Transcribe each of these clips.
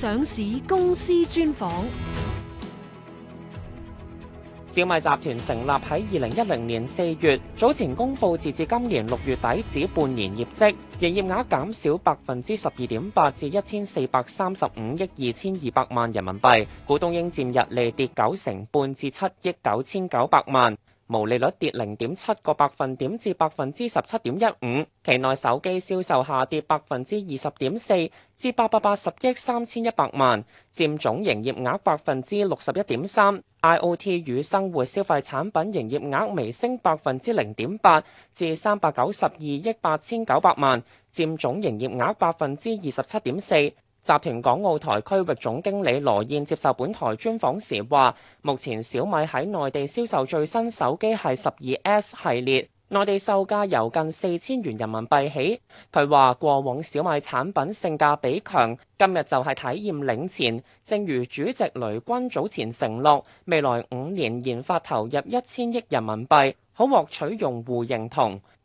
上市公司專訪。小米集團成立喺二零一零年四月，早前公布截至今年六月底止半年業績，營業額減少百分之十二點八至一千四百三十五億二千二百萬人民幣，股東應佔溢利跌九成半至七億九千九百萬。毛利率跌零點七個百分點至百分之十七點一五，期內手機銷售下跌百分之二十點四至八百八十億三千一百萬，佔總營業額百分之六十一點三。IOT 與生活消費產品營業額微升百分之零點八至三百九十二億八千九百萬，佔總營業額百分之二十七點四。集團港澳台區域總經理羅燕接受本台專訪時話，目前小米喺內地銷售最新手機係 12S 系列，內地售價由近四千元人民幣起。佢話過往小米產品性價比強，今日就係體驗領先。正如主席雷軍早前承諾，未來五年研發投入一千億人民幣，可獲取用戶認同。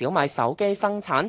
小米手機生產。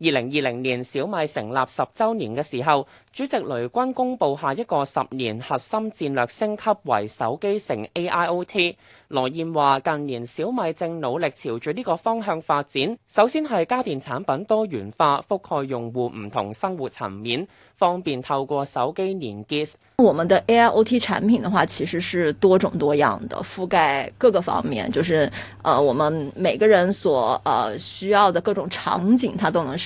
二零二零年小米成立十周年嘅時候，主席雷軍公布下一個十年核心戰略升級為手機成 AIoT。羅燕話近年小米正努力朝住呢個方向發展，首先係家電產品多元化，覆蓋用戶唔同生活層面，方便透過手機連結。我們的 AIoT 產品的話，其實是多種多樣的，覆蓋各個方面，就是呃我們每個人所呃需要的各種場景，它都能。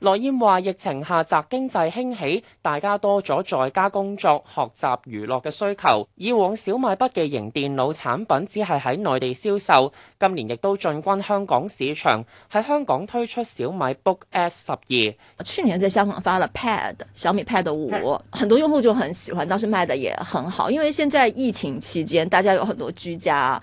羅燕話：疫情下，宅經濟興起，大家多咗在家工作、學習、娛樂嘅需求。以往小米筆記型電腦產品只係喺內地銷售，今年亦都進軍香港市場，喺香港推出小米 Book S 十二。去年在香港發了 Pad，小米 Pad 五，很多用戶就很喜歡，當時賣得也很好。因為現在疫情期間，大家有很多居家。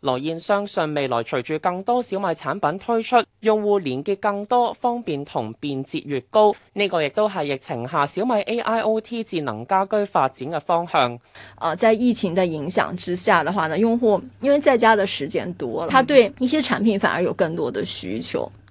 羅燕相信未來隨住更多小米產品推出，用戶連結更多、方便同便捷越高，呢個亦都係疫情下小米 AIoT 智能家居發展嘅方向。在疫情嘅影響之下嘅話呢，用戶因為在家嘅時間多了，他對一些產品反而有更多的需求。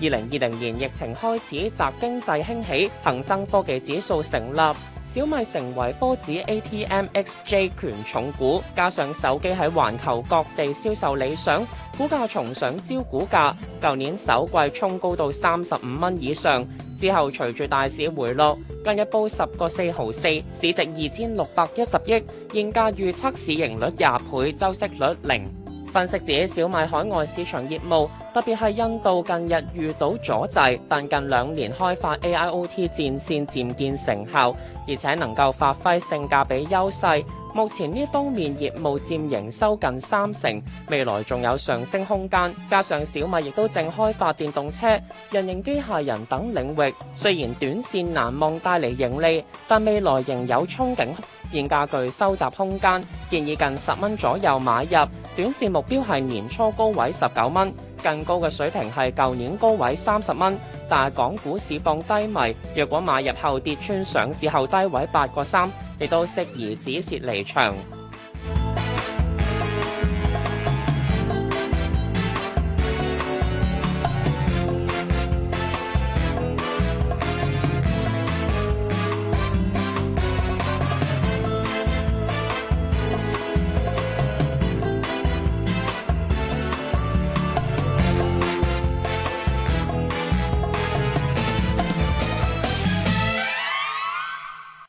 二零二零年疫情開始，集經濟興起，恒生科技指數成立，小米成為科指 ATMXJ 權重股，加上手機喺環球各地銷售理想，股價重上招股價，舊年首季衝高到三十五蚊以上，之後隨住大市回落，近日報十個四毫四，市值二千六百一十億，現價預測市盈率廿倍，周息率零。分析自己小米海外市場業務，特別係印度近日遇到阻滯，但近兩年開發 AIoT 戰線漸見成效，而且能夠發揮性價比優勢。目前呢方面業務佔營收近三成，未來仲有上升空間。加上小米亦都正開發電動車、人形機械人等領域，雖然短線難望帶嚟盈利，但未來仍有憧憬。現價具收集空間，建議近十蚊左右買入，短線目標係年初高位十九蚊，更高嘅水平係舊年高位三十蚊。但係港股市況低迷，若果買入後跌穿上市後低位八個三，亦都適宜止蝕離場。